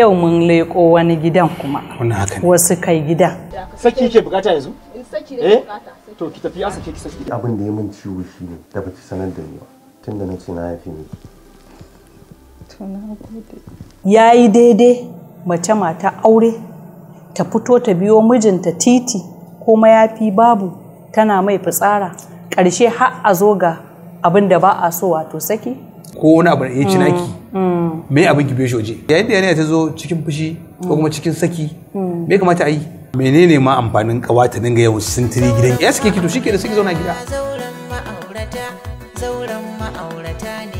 yau mun leko wani gidan kuma wasu kai gida saki ke bukata yanzu saki ne eh? bukata to ki tafi asake ki saki abin da ya mun ciwo shi ne da baki sanar da ni ba tunda na ce na yafi ni to na gode yayi daidai mace mata aure ta fito ta biyo mijinta titi ko mayafi babu tana mai fitsara ƙarshe har a zo ga abin da ba a so wato saki ko wani abu da ya ci naki mm. me abin ki besho waje yayin da yanayi ta zo cikin fushi ko kuma cikin saki mm. me kamata a yi menene ma amfanin kawa ta dinga yawan sintiri gidan ya suke kito to ke da suke zauna gida zauren ma'aurata zauren ma'aurata ne